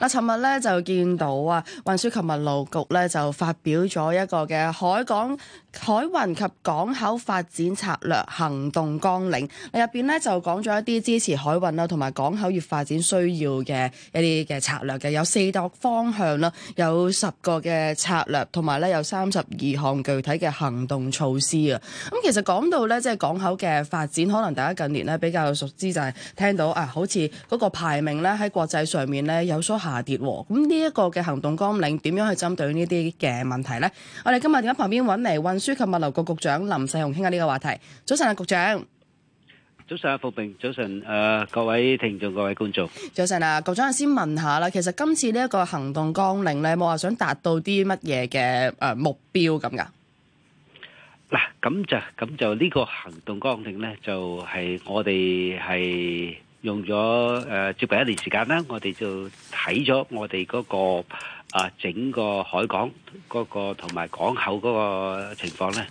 嗱，尋日咧就見到啊，運輸及物流局咧就發表咗一個嘅海港海運及港口發展策略行動綱領。入面咧就講咗一啲支持海運啦，同埋港口業發展需要嘅一啲嘅策略嘅，有四個方向啦，有十個嘅策略，同埋咧有三十二項具體嘅行動措施啊。咁其實講到咧，即係港口嘅發展，可能大家近年咧比較熟知就係聽到啊，好似嗰個排名咧喺國際上面咧有所下跌。咁呢一個嘅行動綱領點樣去針對呢啲嘅問題咧？我哋今日喺旁邊揾嚟運輸及物流局局長林世雄傾下呢個話題。早晨啊，局長。早晨啊，伏平。早晨誒，各位聽眾，各位觀眾。早晨啊，局長，我先問下啦，其實今次呢一個行動綱領咧，有冇話想達到啲乜嘢嘅誒目標咁噶？嗱，咁就咁就呢個行動綱領咧，就係我哋係。用咗誒接近一年時間啦，我哋就睇咗我哋嗰個啊整個海港嗰個同埋港口嗰個情況咧，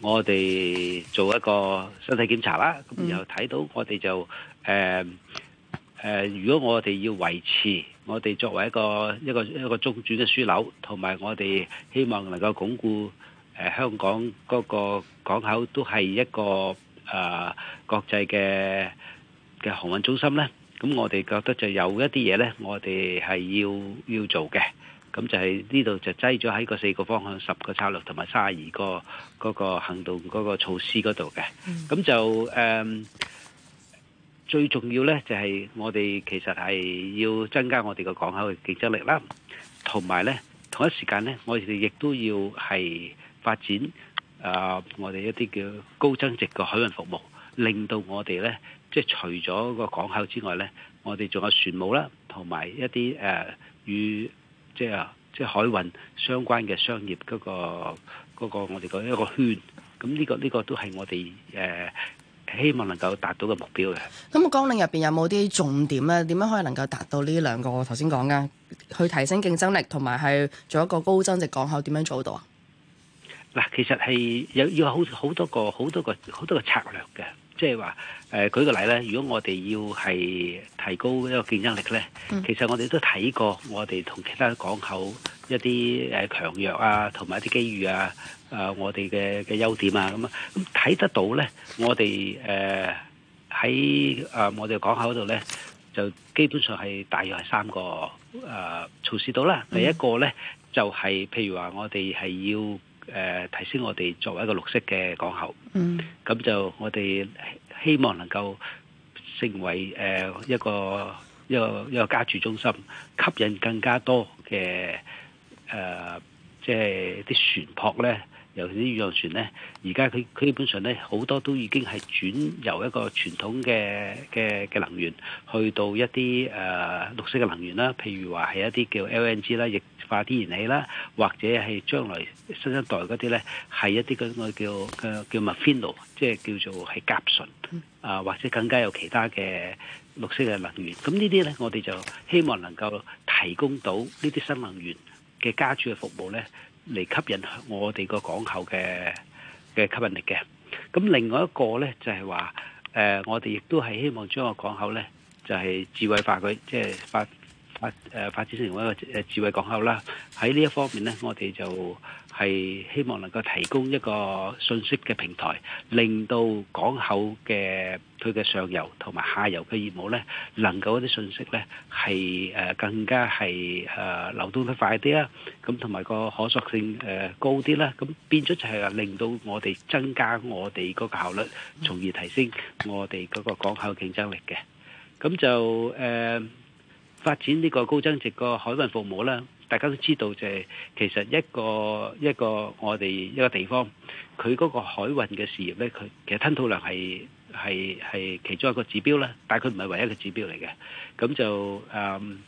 我哋做一個身體檢查啦，咁然後睇到我哋就誒誒，如果我哋要維持我哋作為一個一個一個中轉嘅樞紐，同埋我哋希望能夠鞏固誒香港嗰個港口都係一個誒國際嘅，嘅航運中心咧，咁我哋覺得就有一啲嘢咧，我哋係要要做嘅，咁就係呢度就擠咗喺個四個方向、十個策略同埋卅二個嗰個行動嗰個措施嗰度嘅。咁就誒最重要咧，就係我哋其實係要增加我哋個港口嘅競爭力啦，同埋咧同一時間咧，我哋亦都要係發展誒我哋一啲叫高增值嘅海運服務，令到我哋咧。即係除咗個港口之外咧，我哋仲有船務啦，同埋一啲誒、呃、與即係即係海運相關嘅商業嗰、那個嗰、那個我哋講一個圈。咁呢、這個呢、這個都係我哋誒、呃、希望能夠達到嘅目標嘅。咁綱領入邊有冇啲重點咧？點樣可以能夠達到呢兩個我頭先講嘅，去提升競爭力同埋係做一個高增值港口，點樣做到啊？嗱，其實係有要有好好多個好多個好多個策略嘅。即係話誒，舉個例咧，如果我哋要係提高一個競爭力咧，嗯、其實我哋都睇過，我哋同其他港口一啲誒強弱啊，同埋一啲機遇啊，呃、我哋嘅嘅優點啊，咁啊，咁睇得到咧，我哋誒喺誒我哋港口度咧，就基本上係大約係三個誒、呃、措施到啦。嗯、第一個咧就係、是、譬如話，我哋係要，誒、呃、提升我哋作為一個綠色嘅港口，咁、嗯、就我哋希望能夠成為誒、呃、一個一個一個加注中心，吸引更加多嘅誒即係啲船舶咧，尤其啲宇漁船咧。而家佢佢基本上咧，好多都已經係轉由一個傳統嘅嘅嘅能源，去到一啲誒、呃、綠色嘅能源啦，譬如話係一啲叫 LNG 啦，亦～化天然氣啦，或者係將來新一代嗰啲呢，係一啲嗰種叫叫叫麥菲奴，即係叫做係甲醇啊，或者更加有其他嘅綠色嘅能源。咁呢啲呢，我哋就希望能夠提供到呢啲新能源嘅加注嘅服務呢，嚟吸引我哋個港口嘅嘅吸引力嘅。咁另外一個呢，就係話，誒、呃、我哋亦都係希望將個港口呢，就係智慧化佢，即係發，發誒發展成為一個誒智慧港口啦，喺呢一方面呢，我哋就係希望能夠提供一個信息嘅平台，令到港口嘅佢嘅上游同埋下游嘅業務呢，能夠一啲信息呢係誒更加係誒流動得快啲啦，咁同埋個可塑性誒高啲啦，咁變咗就係令到我哋增加我哋個效率，從而提升我哋嗰個港口競爭力嘅。咁就誒。發展呢個高增值個海運服務啦，大家都知道就係其實一個一個我哋一個地方，佢嗰個海運嘅事業咧，佢其實吞吐量係係係其中一個指標啦，但係佢唔係唯一嘅指標嚟嘅。咁就、嗯、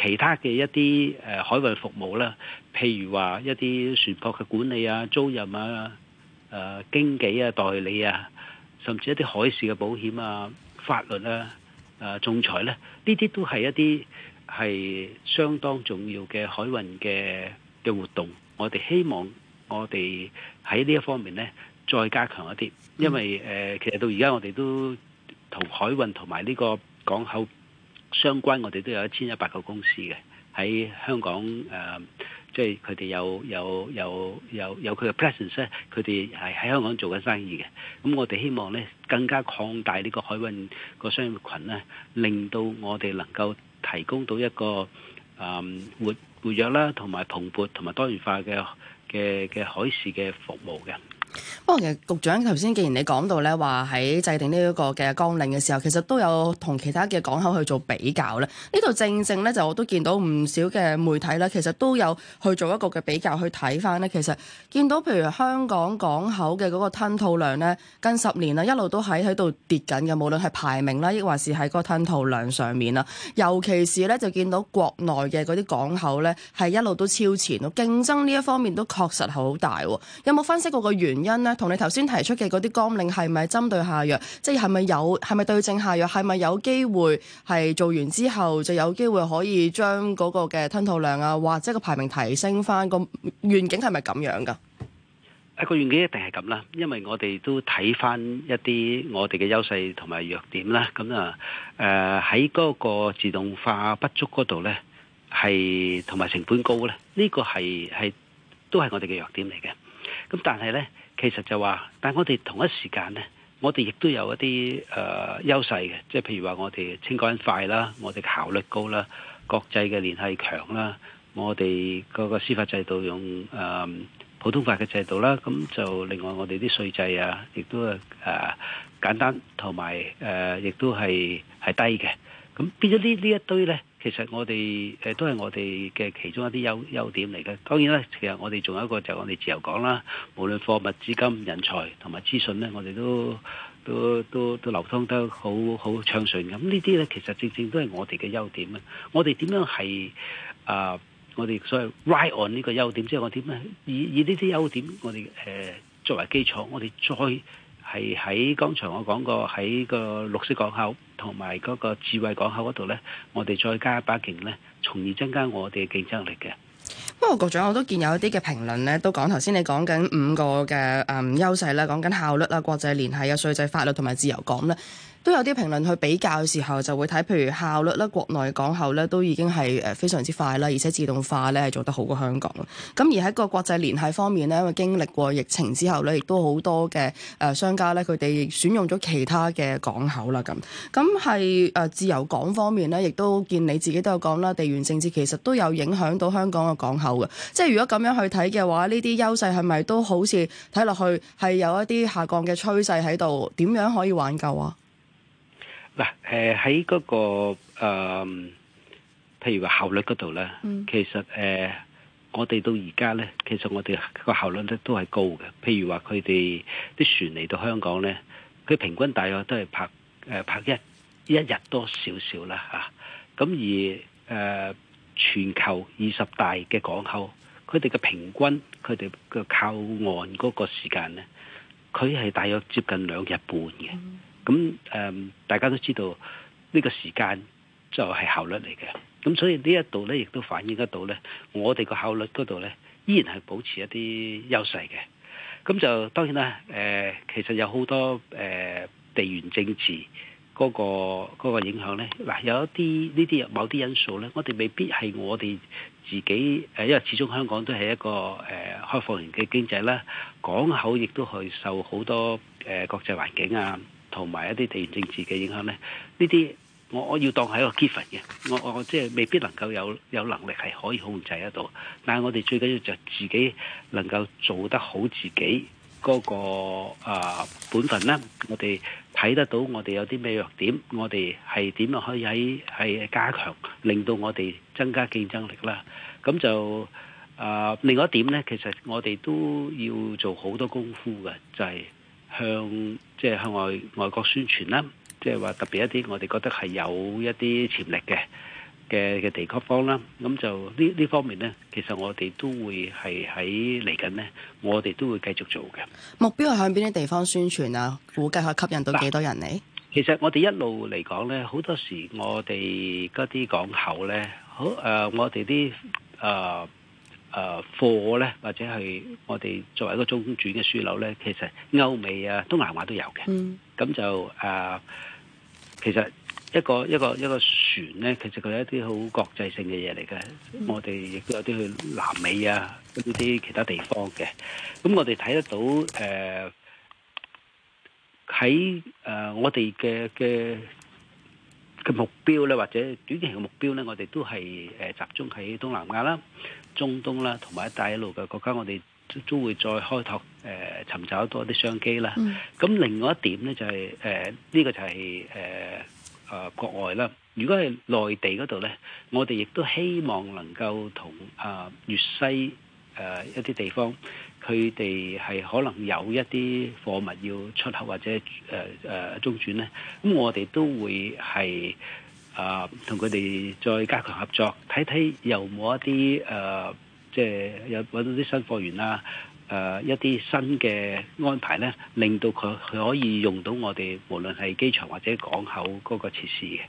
其他嘅一啲海運服務啦，譬如話一啲船舶嘅管理啊、租賃啊、誒、啊、經紀啊、代理啊，甚至一啲海事嘅保險啊、法律啊。呃，仲裁呢呢啲都係一啲係相當重要嘅海運嘅嘅活動。我哋希望我哋喺呢一方面呢再加強一啲。因為，呃，其實到而家我哋都同海運同埋呢個港口相關，我哋都有一千一百個公司嘅喺香港，呃即係佢哋有有有有有佢嘅 presence，咧，佢哋係喺香港做緊生意嘅。咁我哋希望咧更加擴大呢個海運個商業群咧，令到我哋能夠提供到一個誒活、嗯、活躍啦，同埋蓬勃同埋多元化嘅嘅嘅海事嘅服務嘅。不過其實局長頭先，才既然你講到咧話喺制定呢一個嘅綱領嘅時候，其實都有同其他嘅港口去做比較咧。呢度正正咧就我都見到唔少嘅媒體咧，其實都有去做一個嘅比較去睇翻咧。其實見到譬如香港港口嘅嗰個吞吐量咧，近十年啦一路都喺喺度跌緊嘅，無論係排名啦，亦或是喺個吞吐量上面啦，尤其是咧就見到國內嘅嗰啲港口咧係一路都超前咯，競爭呢一方面都確實好大喎。有冇分析過個原因？因咧，同你頭先提出嘅嗰啲綱領係咪針對下藥？即係係咪有係咪對症下藥？係咪有機會係做完之後就有機會可以將嗰個嘅吞吐量啊，或者個排名提升翻？個願景係咪咁樣噶？啊，嗰個願景一定係咁啦，因為我哋都睇翻一啲我哋嘅優勢同埋弱點啦。咁啊，誒喺嗰個自動化不足嗰度咧，係同埋成本高咧，呢個係係都係我哋嘅弱點嚟嘅。咁但係咧，其實就話，但我哋同一時間呢，我哋亦都有一啲誒優勢嘅，即係譬如話我哋清關快啦，我哋效率高啦，國際嘅聯繫強啦，我哋嗰個司法制度用誒、呃、普通法嘅制度啦，咁就另外我哋啲稅制啊，亦都誒、呃、簡單，同埋誒亦都係係低嘅，咁變咗呢呢一堆呢。其實我哋誒、呃、都係我哋嘅其中一啲優優點嚟嘅。當然啦，其實我哋仲有一個就係我哋自由港啦。無論貨物、資金、人才同埋資訊咧，我哋都都都都流通得好好暢順咁。這些呢啲咧其實正正都係我哋嘅優點啊！我哋點樣係啊、呃？我哋所謂 ride、right、on 呢個優點，即係我點咧？以以呢啲優點，我哋誒、呃、作為基礎，我哋再。係喺剛才我講過喺個綠色港口同埋嗰個智慧港口嗰度呢，我哋再加把勁呢，從而增加我哋嘅競爭力嘅。不過，局長我都見有一啲嘅評論呢，都講頭先你講緊五個嘅誒、嗯、優勢啦，講緊效率啦、國際聯繫啊、稅制法律同埋自由港咧。都有啲評論去比較嘅時候，就會睇譬如效率啦，國內港口咧都已經係誒非常之快啦，而且自動化咧係做得好過香港。咁而喺個國際聯繫方面咧，因為經歷過疫情之後咧，亦都好多嘅誒商家咧，佢哋選用咗其他嘅港口啦。咁咁係誒自由港方面咧，亦都見你自己都有講啦，地緣政治其實都有影響到香港嘅港口嘅。即係如果咁樣去睇嘅話，呢啲優勢係咪都好似睇落去係有一啲下降嘅趨勢喺度？點樣可以挽救啊？嗱，誒喺嗰個、呃、譬如話效率嗰度咧，其實誒我哋到而家咧，其實我哋個效率咧都係高嘅。譬如話佢哋啲船嚟到香港咧，佢平均大約都係泊、呃、泊一一日多少少啦嚇。咁而、呃、全球二十大嘅港口，佢哋嘅平均佢哋嘅靠岸嗰個時間咧，佢係大約接近兩日半嘅。嗯咁誒、嗯，大家都知道呢、這個時間就係效率嚟嘅，咁所以這呢一度呢亦都反映得到呢，我哋個效率嗰度呢依然係保持一啲優勢嘅。咁就當然啦，誒、呃，其實有好多誒、呃、地緣政治嗰、那個那個影響呢。嗱，有一啲呢啲某啲因素呢，我哋未必係我哋自己誒，因為始終香港都係一個誒、呃、開放型嘅經濟啦，港口亦都係受好多誒、呃、國際環境啊。同埋一啲地緣政治嘅影響呢，呢啲我我要當係一個 challenge 嘅，我我即係未必能夠有有能力係可以控制得到。但係我哋最緊要就自己能夠做得好自己嗰、那個、呃、本分啦。我哋睇得到我哋有啲咩弱點，我哋係點樣可以喺係加強，令到我哋增加競爭力啦。咁就啊、呃，另外一點呢，其實我哋都要做好多功夫嘅，就係、是。向即係向外外國宣傳啦，即係話特別一啲我哋覺得係有一啲潛力嘅嘅嘅地區方啦，咁就呢呢方面呢，其實我哋都會係喺嚟緊呢，我哋都會繼續做嘅。目標係向邊啲地方宣傳啊？估計可以吸引到幾多人嚟？其實我哋一路嚟講呢，好多時候我哋嗰啲港口呢，好誒、呃，我哋啲誒。呃誒貨咧，或者係我哋作為一個中轉嘅樞紐咧，其實歐美啊、東南亞都有嘅。咁就誒，其實一個一個一個船咧，其實佢係一啲好國際性嘅嘢嚟嘅。我哋亦都有啲去南美啊，跟住啲其他地方嘅。咁我哋睇得到誒喺誒我哋嘅嘅嘅目標咧，或者短期嘅目標咧，我哋都係誒集中喺東南亞啦。中東啦，同埋一帶一路嘅國家，我哋都都會再開拓誒、呃，尋找多啲商機啦。咁另外一點呢、就係，就係誒呢個就係誒啊國外啦。如果係內地嗰度呢，我哋亦都希望能夠同啊粵西誒、呃、一啲地方，佢哋係可能有一啲貨物要出口或者誒誒、呃、中轉呢。咁我哋都會係。啊，同佢哋再加強合作，睇睇有冇一啲誒、呃，即係有揾到啲新貨源啦，誒、呃、一啲新嘅安排咧，令到佢佢可以用到我哋，無論係機場或者港口嗰個設施嘅。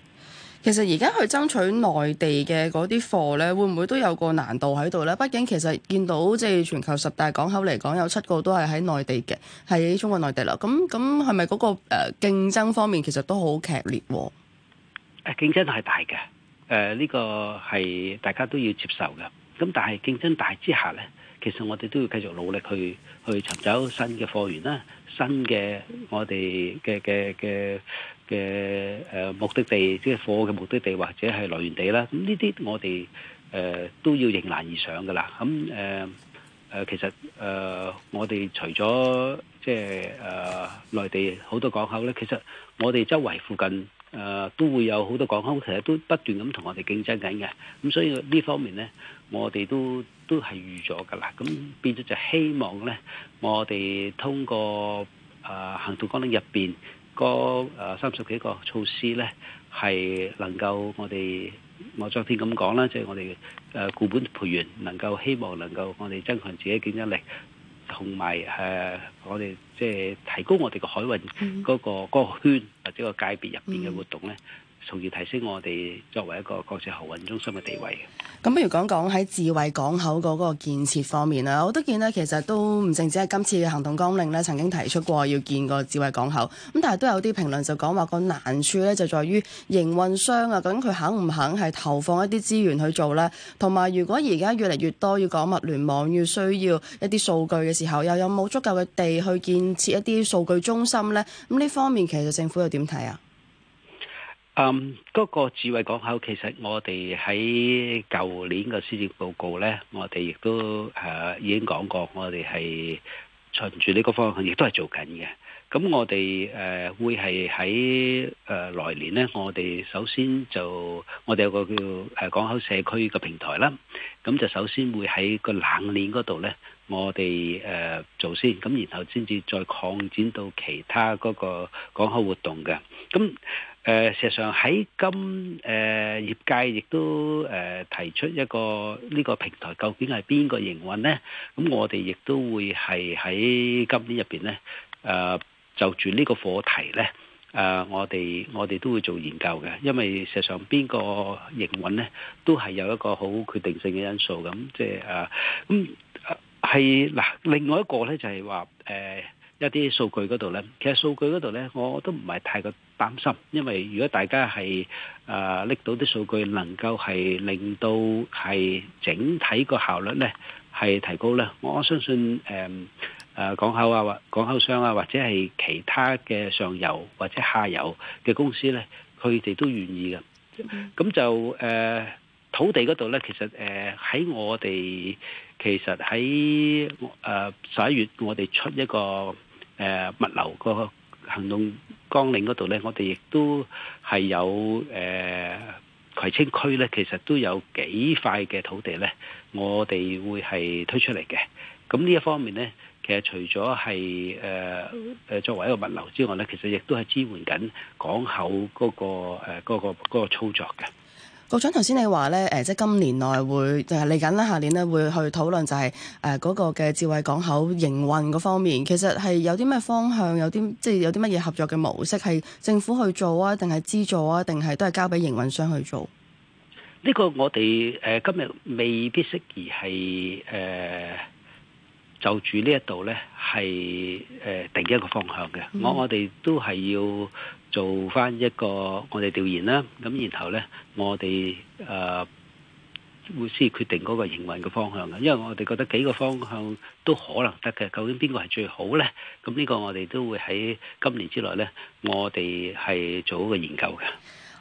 其實而家去爭取內地嘅嗰啲貨咧，會唔會都有個難度喺度咧？畢竟其實見到即係全球十大港口嚟講，有七個都係喺內地嘅，喺中國內地啦。咁咁係咪嗰個誒、呃、競爭方面其實都好劇烈？競爭係大嘅，誒、呃、呢、呢個係大家都要接受嘅。咁但係競爭大之下呢，其實我哋都要繼續努力去去尋找新嘅貨源啦，新嘅我哋嘅嘅嘅嘅誒目的地，即係貨嘅目的地或者係來源地啦。咁呢啲我哋誒、呃、都要迎難而上嘅啦。咁誒誒其實誒、呃、我哋除咗即係誒內地好多港口呢，其實我哋周圍附近。誒都會有好多港口，其實都不斷咁同我哋競爭緊嘅，咁所以呢方面咧，我哋都都係預咗噶啦。咁變咗就希望咧，我哋通過誒行動綱領入邊個誒三十幾個措施咧，係能夠我哋我昨天咁講啦，即係我哋誒固本培元，能夠希望能夠我哋增強自己嘅競爭力。同埋誒，我哋即係提高我哋嘅海運嗰個嗰個 mm. 圈或者個界別入邊嘅活動咧。Mm. 從而提升我哋作為一個國際航運中心嘅地位。咁不如講講喺智慧港口嗰個建設方面啦。我都見呢，其實都唔淨止係今次嘅行動綱領呢曾經提出過要建個智慧港口。咁但係都有啲評論就講話個難處呢，就在於營運商啊，究竟佢肯唔肯係投放一啲資源去做呢？同埋如果而家越嚟越多要講物聯網，要需要一啲數據嘅時候，又有冇足夠嘅地去建設一啲數據中心呢？咁呢方面其實政府又點睇啊？嗯，嗰、um, 個智慧港口其實我哋喺舊年嘅施政報告呢，我哋亦都、啊、已經講過，我哋係循住呢個方向，亦都係做緊嘅。咁我哋誒會係喺誒來年呢，我哋首先就我哋有個叫誒港口社區嘅平台啦。咁就首先會喺個冷鏈嗰度呢，我哋、啊、做先，咁然後先至再擴展到其他嗰個港口活動嘅。咁誒，事實上喺今誒業界亦都誒提出一個呢個平台究竟係邊個營運呢？咁我哋亦都會係喺今年入面呢，誒就住呢個課題呢，誒我哋我哋都會做研究嘅，因為事實上邊個營運呢都係有一個好決定性嘅因素咁，即係啊，咁係嗱另外一個呢就係話誒。一啲數據嗰度呢，其實數據嗰度呢，我都唔係太過擔心，因為如果大家係啊拎到啲數據，能夠係令到係整體個效率呢係提高呢，我相信誒誒港口啊或港口商啊或者係其他嘅上游或者下游嘅公司呢，佢哋都願意嘅。咁就誒土地嗰度呢，其實誒喺我哋其實喺誒十一月我哋出一個，誒、呃、物流個行動綱領嗰度呢，我哋亦都係有誒、呃、葵青區呢，其實都有幾塊嘅土地呢，我哋會係推出嚟嘅。咁呢一方面呢，其實除咗係誒作為一個物流之外呢，其實亦都係支援緊港口嗰個、嗰個嗰嗰、呃嗰個嗰個、操作嘅。局長，頭先你話咧，誒，即係今年內會，誒，嚟緊下年咧會去討論、就是，就係誒嗰個嘅智慧港口營運嗰方面，其實係有啲咩方向，有啲即係有啲乜嘢合作嘅模式，係政府去做啊，定係資助啊，定係都係交俾營運商去做？呢個我哋誒、呃、今日未必適宜係誒、呃、就住呢一度咧，係誒、呃、定一個方向嘅、嗯。我我哋都係要。做翻一個我哋調研啦，咁然後呢，我哋誒、啊、會先決定嗰個營運嘅方向嘅，因為我哋覺得幾個方向都可能得嘅，究竟邊個係最好呢？咁呢個我哋都會喺今年之內呢，我哋係做好一個研究嘅。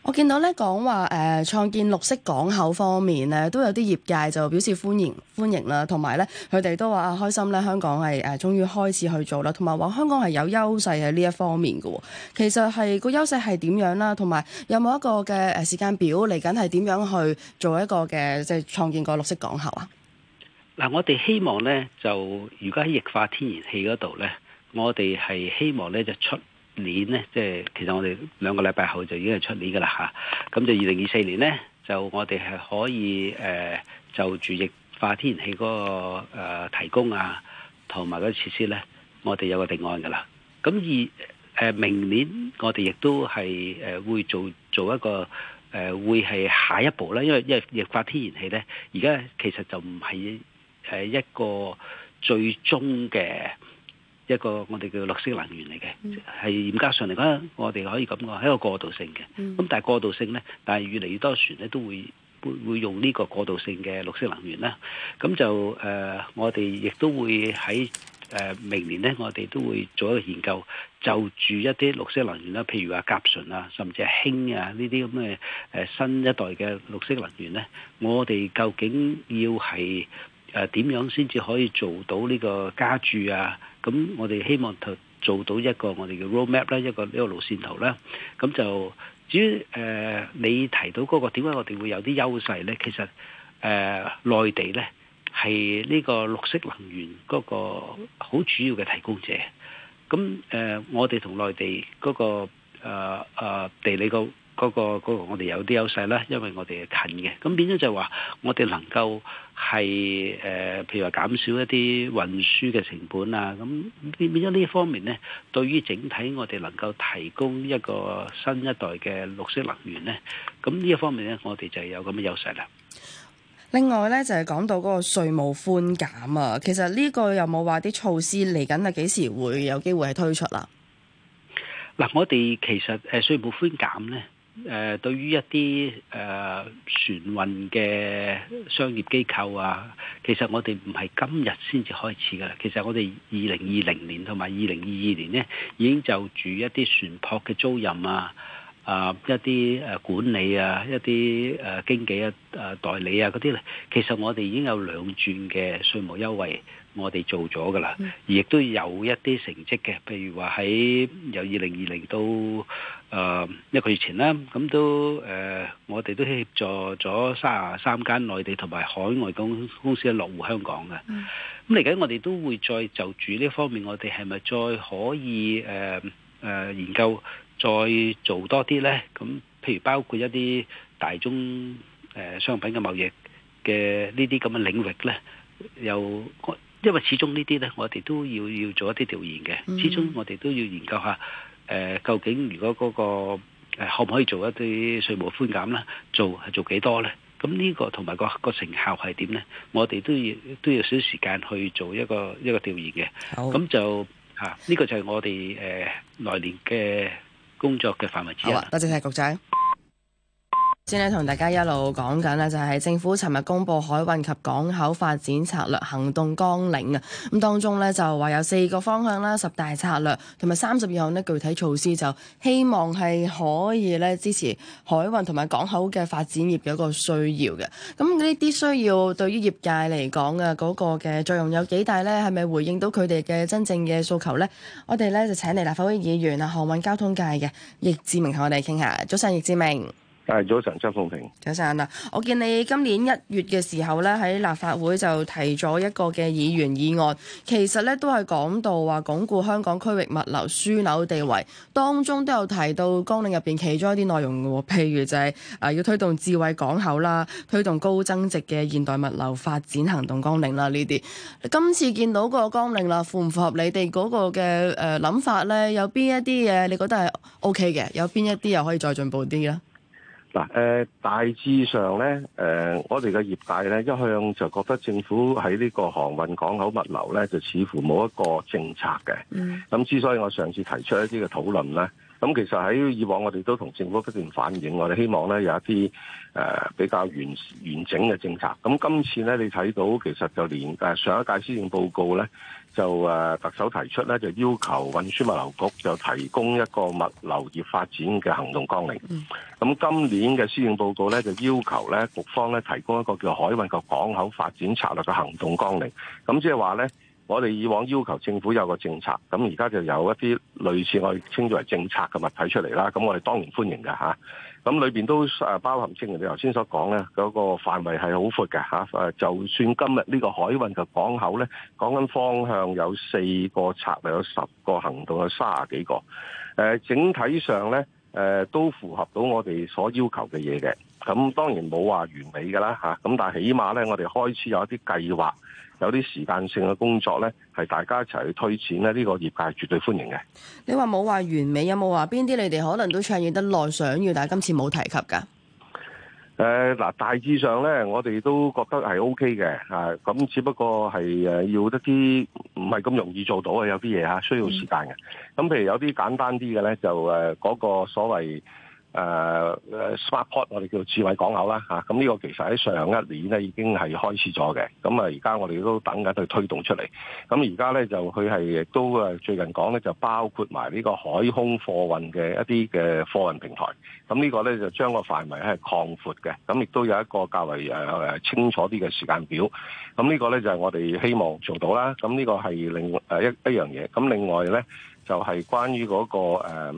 我見到咧講話誒創建綠色港口方面咧，都有啲業界就表示歡迎歡迎啦，同埋咧佢哋都話開心咧，香港係誒終於開始去做啦，同埋話香港係有優勢喺呢一方面喎。其實係個優勢係點樣啦？同埋有冇一個嘅誒時間表嚟緊係點樣去做一個嘅即係創建個綠色港口啊？嗱，我哋希望咧就，如果喺液化天然氣嗰度咧，我哋係希望咧就出年呢，即係其實我哋兩個禮拜後就已經係出年噶啦嚇，咁就二零二四年呢，就我哋係可以誒、呃、就住液化天然氣嗰、嗰個、呃、提供啊，同埋嗰啲設施呢，我哋有個定案噶啦。咁而、呃、明年我哋亦都係誒會做做一個誒、呃、會係下一步啦，因為因為液化天然氣呢而家其實就唔係誒一個最終嘅。一個我哋叫綠色能源嚟嘅，係、嗯、嚴格上嚟講，嗯、我哋可以咁講，係一個過渡性嘅。咁、嗯、但係過渡性呢，但係越嚟越多船呢都會會用呢個過渡性嘅綠色能源啦。咁就誒、呃，我哋亦都會喺誒、呃、明年呢，我哋都會做一個研究，就住一啲綠色能源啦，譬如話甲醇啊，甚至係氫啊呢啲咁嘅誒新一代嘅綠色能源呢。我哋究竟要係誒點樣先至可以做到呢個加注啊？咁我哋希望就做到一個我哋嘅 roadmap 啦，一個呢個路線圖啦。咁就至於、呃、你提到嗰、嗰個點解我哋會有啲優勢呢？其實內、呃、地呢係呢個綠色能源嗰個好主要嘅提供者。咁、呃、我哋同內地嗰、嗰個、呃、地理個。嗰、嗰個嗰個我哋有啲優勢啦，因為我哋係近嘅，咁變咗就話我哋能夠係誒、呃，譬如話減少一啲運輸嘅成本啊，咁變變咗呢一方面呢，對於整體我哋能夠提供一個新一代嘅綠色能源呢，咁呢一方面呢，我哋就有咁嘅優勢啦。另外呢，就係、是、講到嗰個稅務寬減啊，其實呢個有冇話啲措施嚟緊啊？幾時會有機會係推出啦、啊？嗱，我哋其實誒、呃、稅務寬減呢。誒、呃，對於一啲誒、呃、船運嘅商業機構啊，其實我哋唔係今日先至開始噶啦。其實我哋二零二零年同埋二零二二年咧，已經就住一啲船舶嘅租賃啊。啊！一啲誒管理啊，一啲誒經紀啊、誒代理啊嗰啲，其實我哋已經有兩轉嘅稅務優惠，我哋做咗噶啦，亦都有一啲成績嘅。譬如話喺由二零二零到誒一個月前啦，咁都誒我哋都協助咗三啊三十三間內地同埋海外公公司落戶香港嘅。咁嚟緊我哋都會再就住呢方面，我哋係咪再可以誒誒研究？再做多啲呢，咁譬如包括一啲大宗誒、呃、商品嘅貿易嘅呢啲咁嘅領域呢，又因為始終呢啲呢，我哋都要要做一啲調研嘅。始終我哋都要研究下誒、呃，究竟如果嗰、嗰個、呃、可唔可以做一啲稅務寬減啦？做係做幾多呢，咁呢個同埋、個、個成效係點呢，我哋都要都要少時間去做一個一個調研嘅。咁、oh. 就吓呢、啊呢個就係我哋誒、呃、來年嘅。工作嘅範圍之一。多謝曬局長。先咧同大家一路講緊呢，就係政府尋日公布海運及港口發展策略行動綱領啊。咁當中呢，就話有四個方向啦，十大策略同埋三十二項呢，具體措施，就希望係可以呢支持海運同埋港口嘅發展業嘅一個需要嘅。咁呢啲需要對於業界嚟講嘅嗰個嘅作用有幾大呢？係咪回應到佢哋嘅真正嘅訴求呢？我哋呢，就請嚟立法會議員啊，航運交通界嘅易志明同我哋傾下。早上，易志明。係早晨，張鳳平早晨、啊。嗱，我見你今年一月嘅時候咧，喺立法會就提咗一個嘅議員議案，其實咧都係講到話鞏固香港區域物流樞紐地位，當中都有提到綱領入邊其中一啲內容嘅喎，譬如就係、啊、要推動智慧港口啦，推動高增值嘅現代物流發展行動綱領啦呢啲。今次見到個綱領啦，符唔符合你哋嗰個嘅誒諗法咧？有邊一啲嘢你覺得係 O K 嘅？有邊一啲又可以再進步啲咧？嗱、呃，大致上咧，誒、呃、我哋嘅業界咧一向就覺得政府喺呢個航運港口物流咧，就似乎冇一個政策嘅。咁、mm hmm. 之所以我上次提出一啲嘅討論咧。咁其實喺以往我哋都同政府不斷反映，我哋希望咧有一啲誒比較完完整嘅政策。咁今次咧你睇到其實就連上一屆施政報告咧就誒特首提出咧就要求運輸物流局就提供一個物流業發展嘅行動綱領。咁今年嘅施政報告咧就要求咧局方咧提供一個叫海運及港口發展策略嘅行動綱領。咁即係話咧。我哋以往要求政府有個政策，咁而家就有一啲類似我哋稱作為政策嘅物體出嚟啦，咁我哋當然歡迎㗎。咁裏邊都誒包含，正如你頭先所講咧，嗰個範圍係好闊嘅吓。誒，就算今日呢個海運及港口咧，講緊方向有四個策略，有十個行動，有卅幾個。誒，整體上咧，誒都符合到我哋所要求嘅嘢嘅。咁當然冇話完美嘅啦嚇，咁但係起碼咧，我哋開始有一啲計劃，有啲時間性嘅工作咧，係大家一齊去推展咧，呢個業界係絕對歡迎嘅。你話冇話完美，有冇話邊啲你哋可能都倡議得耐，想要但係今次冇提及㗎？誒嗱，大致上咧，我哋都覺得係 OK 嘅嚇，咁只不過係誒要得啲唔係咁容易做到嘅有啲嘢嚇，需要時間嘅。咁譬如有啲簡單啲嘅咧，就誒嗰個所謂。誒、uh, smart port 我哋叫智慧港口啦嚇，咁呢個其實喺上一年咧已經係開始咗嘅，咁啊而家我哋都等緊去推動出嚟，咁而家咧就佢係亦都最近講咧就包括埋呢個海空貨運嘅一啲嘅貨運平台，咁呢個咧就將個範圍係擴闊嘅，咁亦都有一個較為、呃、清楚啲嘅時間表，咁呢個咧就係、是、我哋希望做到啦，咁呢個係另一一樣嘢，咁另外咧就係、是、關於嗰、那個、呃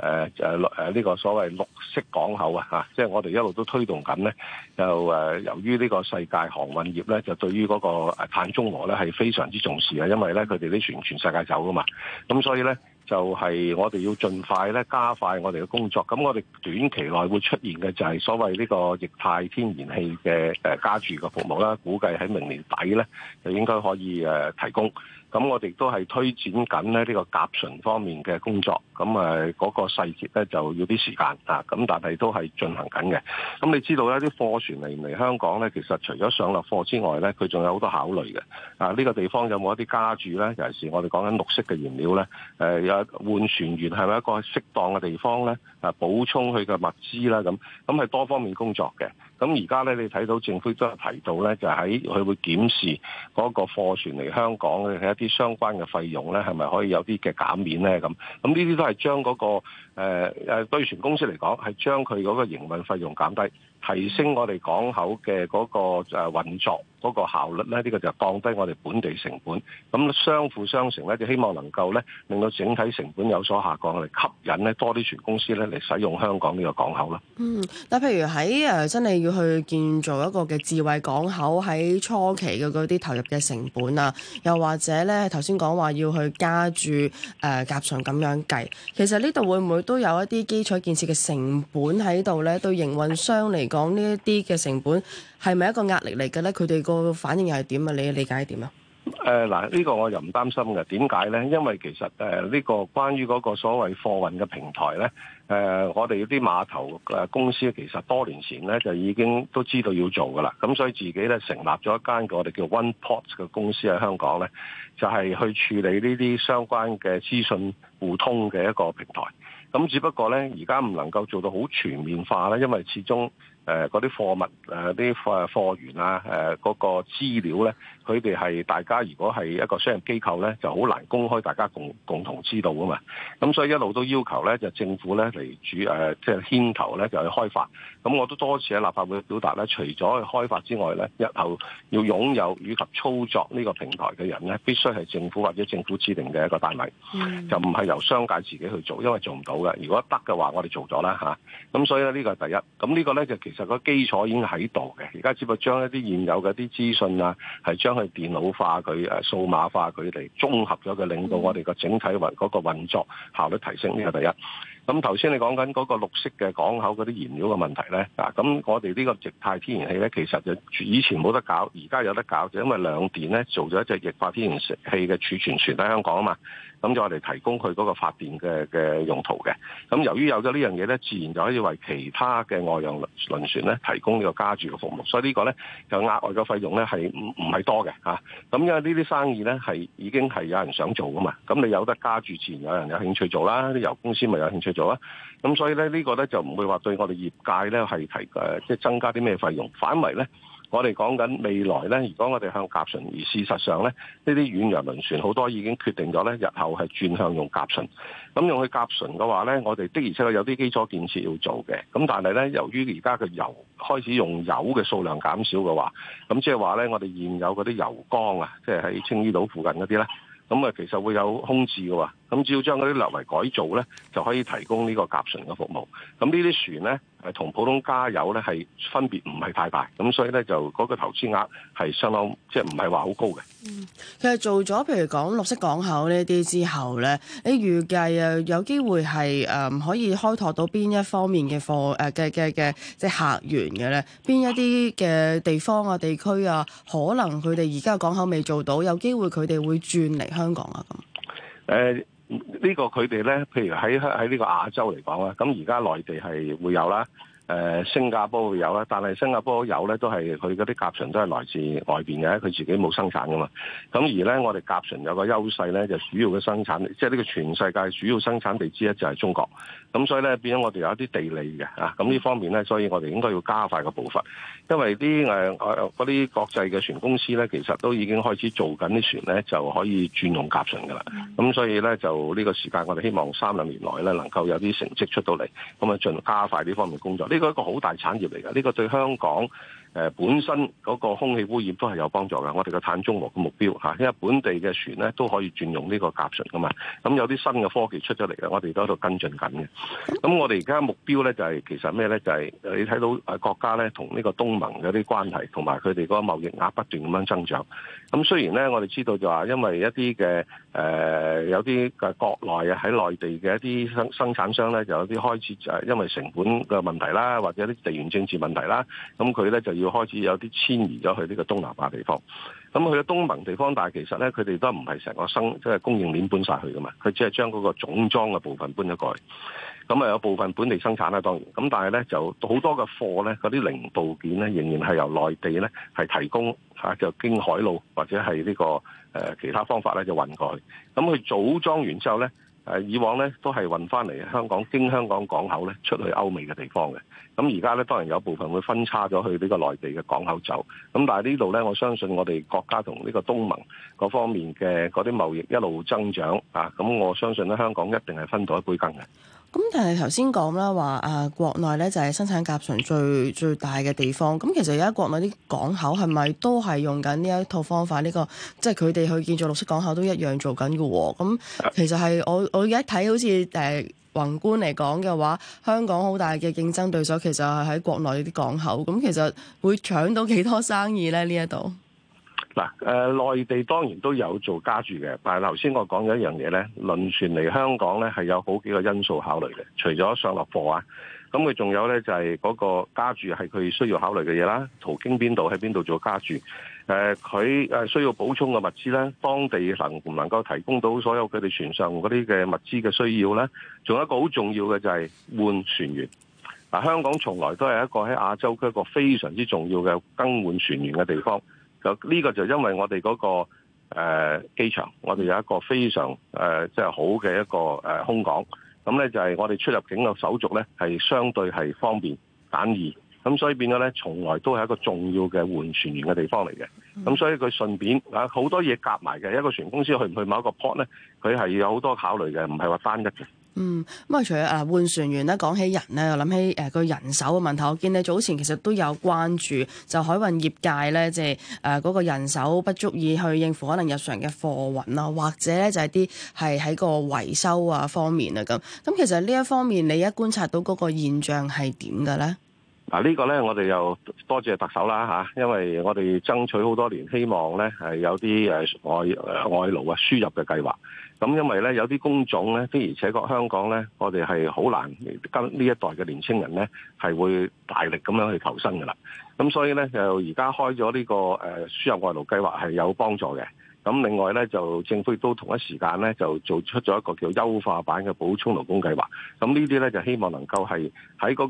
誒誒綠呢個所謂綠色港口啊嚇，即、就、係、是、我哋一路都推動緊咧，就誒、呃、由於呢個世界航運業咧，就對於嗰個碳中和咧係非常之重視啊。因為咧佢哋啲船全世界走噶嘛，咁所以咧就係、是、我哋要盡快咧加快我哋嘅工作。咁我哋短期內會出現嘅就係所謂呢個液態天然氣嘅誒加注嘅服務啦，估計喺明年底咧就應該可以誒、呃、提供。咁我哋都係推展緊咧呢個甲醇方面嘅工作，咁嗰個細節咧就要啲時間啊，咁但係都係進行緊嘅。咁你知道咧，啲貨船嚟唔嚟香港咧，其實除咗上落貨之外咧，佢仲有好多考慮嘅。啊，呢、呢個地方有冇一啲加注咧？尤其是我哋講緊綠色嘅原料咧，誒有換船員係咪一個適當嘅地方咧？啊，補充佢嘅物資啦咁，咁係多方面工作嘅。咁而家咧，你睇到政府都係提到咧，就喺佢會檢視嗰個貨船嚟香港嘅一啲相關嘅費用咧，係咪可以有啲嘅減免咧？咁咁呢啲都係將嗰個誒誒對船公司嚟講，係將佢嗰個營運費用減低，提升我哋港口嘅嗰個誒運作。嗰個效率呢，呢、呢個就降低我哋本地成本，咁相輔相成呢，就希望能夠呢令到整體成本有所下降，嚟吸引呢多啲船公司呢嚟使用香港呢個港口啦。嗯，嗱，譬如喺誒真係要去建造一個嘅智慧港口，喺初期嘅嗰啲投入嘅成本啊，又或者呢頭先講話要去加注誒甲醇咁樣計，其實呢度會唔會都有一啲基礎建設嘅成本喺度呢？對營運商嚟講，呢一啲嘅成本係咪一個壓力嚟嘅呢？佢哋？個反應又係點啊？你理解係點啊？誒嗱、呃，呢、這個我又唔擔心嘅。點解咧？因為其實誒呢、呃這個關於嗰個所謂貨運嘅平台咧，誒、呃、我哋啲碼頭誒公司其實多年前咧就已經都知道要做㗎啦。咁所以自己咧成立咗一間我哋叫 One Port 嘅公司喺香港咧，就係、是、去處理呢啲相關嘅資訊互通嘅一個平台。咁只不過咧，而家唔能夠做到好全面化咧，因為始終。誒嗰啲貨物，誒啲貨貨源啊，誒、啊、嗰、嗰個資料咧，佢哋係大家如果係一個商業機構咧，就好難公開大家共共同知道㗎嘛。咁所以一路都要求咧，就政府咧嚟主誒，即、啊、係、就是、牽頭咧，就去開發。咁我都多次喺立法會表達咧，除咗去開發之外咧，日後要擁有以及操作呢個平台嘅人咧，必須係政府或者政府指定嘅一個單位，就唔係由商界自己去做，因為做唔到嘅。如果得嘅話我，我哋做咗啦嚇。咁所以咧，呢個係第一，咁呢個咧就其實。個基礎已經喺度嘅，而家只不過將一啲現有嘅啲資訊啊，係將佢電腦化佢誒數碼化佢哋，綜合咗佢令到我哋個整體運嗰個運作效率提升呢個、嗯、第一。咁頭先你講緊嗰個綠色嘅港口嗰啲燃料嘅問題咧啊，咁我哋呢個液態天然氣咧，其實就以前冇得搞，而家有得搞就係、因為兩電咧做咗一隻液化天然氣嘅儲存船喺香港啊嘛。咁就我哋提供佢嗰個發電嘅嘅用途嘅，咁由於有咗呢樣嘢咧，自然就可以為其他嘅外用輪，輪船咧提供呢個加注嘅服務，所以個呢個咧就額外嘅費用咧係唔唔係多嘅咁、啊、因為呢啲生意咧係已經係有人想做噶嘛，咁你有得加注自然有人有興趣做啦，啲油公司咪有興趣做啦。咁所以咧呢、呢個咧就唔會話對我哋業界咧係提即係、呃、增加啲咩費用，反為咧。我哋講緊未來呢，如果我哋向甲醇，而事實上呢，呢啲遠洋輪船好多已經決定咗呢，日後係轉向用甲醇。咁用去甲醇嘅話呢，我哋的而且確有啲基礎建設要做嘅。咁但係呢，由於而家嘅油開始用油嘅數量減少嘅話，咁即係話呢，我哋現有嗰啲油缸啊，即係喺青衣島附近嗰啲呢，咁啊其實會有空置嘅喎。咁只要將嗰啲略為改造咧，就可以提供呢個甲醇嘅服務。咁呢啲船咧，誒同普通加油咧係分別唔係太大，咁所以咧就嗰個投資額係相當即係唔係話好高嘅。嗯，其實做咗譬如講綠色港口呢啲之後咧，你預計啊有機會係誒、嗯、可以開拓到邊一方面嘅貨誒嘅嘅嘅即係客源嘅咧？邊一啲嘅地方啊地區啊，可能佢哋而家嘅港口未做到，有機會佢哋會轉嚟香港啊咁。呃呢個佢哋呢，譬如喺喺呢個亞洲嚟講啦，咁而家內地係會有啦，誒、呃、新加坡會有啦，但係新加坡有呢都係佢嗰啲甲醇都係來自外面嘅，佢自己冇生產㗎嘛。咁而呢，我哋甲醇有個優勢呢，就主要嘅生產，即係呢個全世界主要生產地之一就係中國。咁所以咧，變咗我哋有一啲地理嘅吓，咁呢方面咧，所以我哋應該要加快個步伐，因為啲誒嗰啲國際嘅船公司咧，其實都已經開始做緊啲船咧，就可以轉用甲醇噶啦。咁所以咧，就呢個時間，我哋希望三兩年內咧，能夠有啲成績出到嚟，咁樣盡加快呢方面工作。呢個係一個好大產業嚟噶，呢個對香港。誒本身嗰個空氣污染都係有幫助嘅，我哋嘅碳中和嘅目標嚇，因為本地嘅船咧都可以轉用呢個甲醇㗎嘛。咁有啲新嘅科技出咗嚟啦，我哋都喺度跟進緊嘅。咁我哋而家目標咧就係其實咩咧？就係你睇到誒國家咧同呢個東盟有啲關係，同埋佢哋嗰個貿易額不斷咁樣增長。咁雖然咧我哋知道就話因為一啲嘅誒有啲嘅國內啊喺內地嘅一啲生生產商咧就有啲開始誒因為成本嘅問題啦，或者啲地緣政治問題啦，咁佢咧就，要開始有啲遷移咗去呢個東南亞地方，咁佢嘅東盟地方，但係其實咧，佢哋都唔係成個生即係、就是、供應鏈搬晒去噶嘛，佢只係將嗰個總裝嘅部分搬咗過嚟，咁啊有部分本地生產啦，當然，咁但係咧就好多嘅貨咧，嗰啲零部件咧，仍然係由內地咧係提供嚇，就、啊、經海路或者係呢、這個誒、呃、其他方法咧就運過嚟，咁佢組裝完之後咧，誒、啊、以往咧都係運翻嚟香港，經香港港口咧出去歐美嘅地方嘅。咁而家咧，當然有部分會分叉咗去呢個內地嘅港口走。咁但係呢度咧，我相信我哋國家同呢個東盟嗰方面嘅嗰啲貿易一路增長啊。咁我相信咧，香港一定係分到一杯羹嘅。咁但係頭先講啦，話啊國內咧就係生產甲醇最最大嘅地方。咁其實而家國內啲港口係咪都係用緊呢一套方法？呢個即係佢哋去建造綠色港口都一樣做緊嘅喎。咁其實係我我而家睇好似誒。宏觀嚟講嘅話，香港好大嘅競爭對手其實係喺國內啲港口，咁其實會搶到幾多生意呢？呢一度嗱，誒、呃，內地當然都有做加注嘅，但係頭先我講咗一樣嘢呢，輪船嚟香港呢係有好幾個因素考慮嘅，除咗上落貨啊，咁佢仲有呢，就係嗰個加注係佢需要考慮嘅嘢啦，途經邊度喺邊度做加注。誒佢誒需要補充嘅物資咧，當地能唔能夠提供到所有佢哋船上嗰啲嘅物資嘅需要咧？仲有一個好重要嘅就係換船員。嗱，香港從來都係一個喺亞洲區一個非常之重要嘅更換船員嘅地方。就呢個就因為我哋嗰個誒機場，我哋有一個非常誒即係好嘅一個誒空港。咁咧就係我哋出入境嘅手續咧，係相對係方便簡易。咁所以變咗咧，從來都係一個重要嘅換船員嘅地方嚟嘅。咁所以佢順便啊，好多嘢夾埋嘅一個船公司去唔去某一個 port 咧，佢係有好多考慮嘅，唔係話單一嘅。嗯，咁啊，除咗誒換船員咧，講起人咧，我諗起誒個人手嘅問題。我見你早前其實都有關注就海運業界咧，即係嗰個人手不足以去應付可能日常嘅貨運啊，或者咧就係啲係喺個維修啊方面啊咁。咁其實呢一方面，你一觀察到嗰個現象係點嘅咧？嗱、啊這個、呢個咧，我哋又多謝特首啦、啊、因為我哋爭取好多年，希望咧係有啲外外勞嘅輸入嘅計劃。咁因為咧有啲工種咧，的而且確香港咧，我哋係好難跟呢一代嘅年輕人咧係會大力咁樣去求生㗎啦。咁所以咧就而家開咗呢、這個誒、呃、輸入外勞計劃係有幫助嘅。咁另外咧，就政府亦都同一時間咧，就做出咗一個叫優化版嘅補充勞工計劃。咁呢啲咧就希望能夠係喺嗰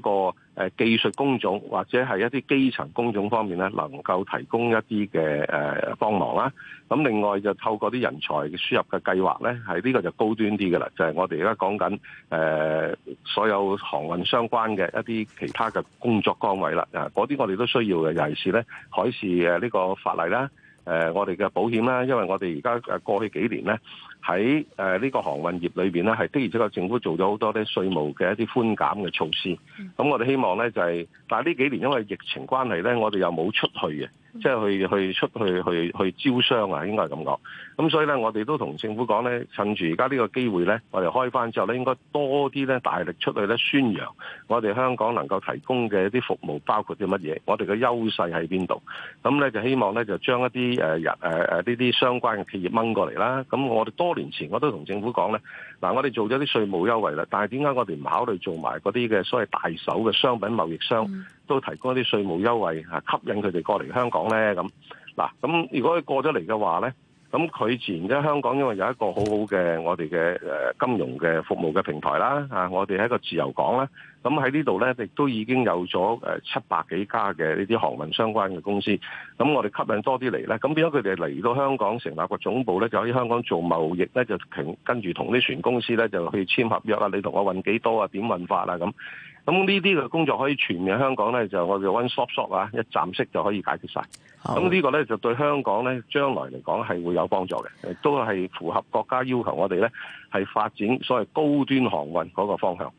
個誒技術工種或者係一啲基層工種方面咧，能夠提供一啲嘅誒幫忙啦。咁另外就透過啲人才嘅輸入嘅計劃咧，係呢個就高端啲嘅啦，就係、是、我哋而家講緊誒所有航運相關嘅一啲其他嘅工作崗位啦。嗰啲我哋都需要嘅，尤其是咧海事誒呢個法例啦。誒、呃，我哋嘅保險啦，因為我哋而家誒過去幾年咧。喺呢個航運業裏邊呢，係的而且確政府做咗好多啲稅務嘅一啲寬減嘅措施。咁我哋希望呢就係、係，但係呢幾年因為疫情關係呢，我哋又冇出去嘅，即、就、係、係、去去出去去去招商啊，應該係咁講。咁所以呢，我哋都同政府講呢，趁住而家呢個機會呢，我哋開翻之後呢，應該多啲呢大力出去呢宣揚我哋香港能夠提供嘅一啲服務，包括啲乜嘢，我哋嘅優勢喺邊度。咁呢就希望呢，就將一啲人誒呢啲相關嘅企業掹過嚟啦。咁我哋多。多年前我都同政府講咧，嗱，我哋做咗啲稅務優惠啦，但係點解我哋唔考慮做埋嗰啲嘅所謂大手嘅商品貿易商都提供一啲稅務優惠吓，吸引佢哋過嚟香港咧？咁嗱，咁如果佢過咗嚟嘅話咧？咁佢自然香港，因為有一個好好嘅我哋嘅誒金融嘅服務嘅平台啦，我哋係一個自由港啦。咁喺呢度呢，亦都已經有咗七百幾家嘅呢啲航運相關嘅公司。咁我哋吸引多啲嚟呢。咁變咗佢哋嚟到香港成立個總部呢，就喺香港做貿易呢。就跟住同啲船公司呢，就去簽合約啦，你同我運幾多啊，點運法啊咁。咁呢啲嘅工作可以全面香港咧，就我哋溫 s h o p s h o p 啊，一站式就可以解決晒。咁的呢個咧就對香港咧將來嚟講係會有幫助嘅，都係符合國家要求我呢。我哋咧係發展所謂高端航運嗰個方向。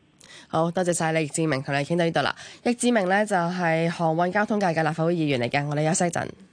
好多謝晒易志明，同你傾到呢度啦。易志明咧就係、是、航運交通界嘅立法會議員嚟嘅，我哋休息陣。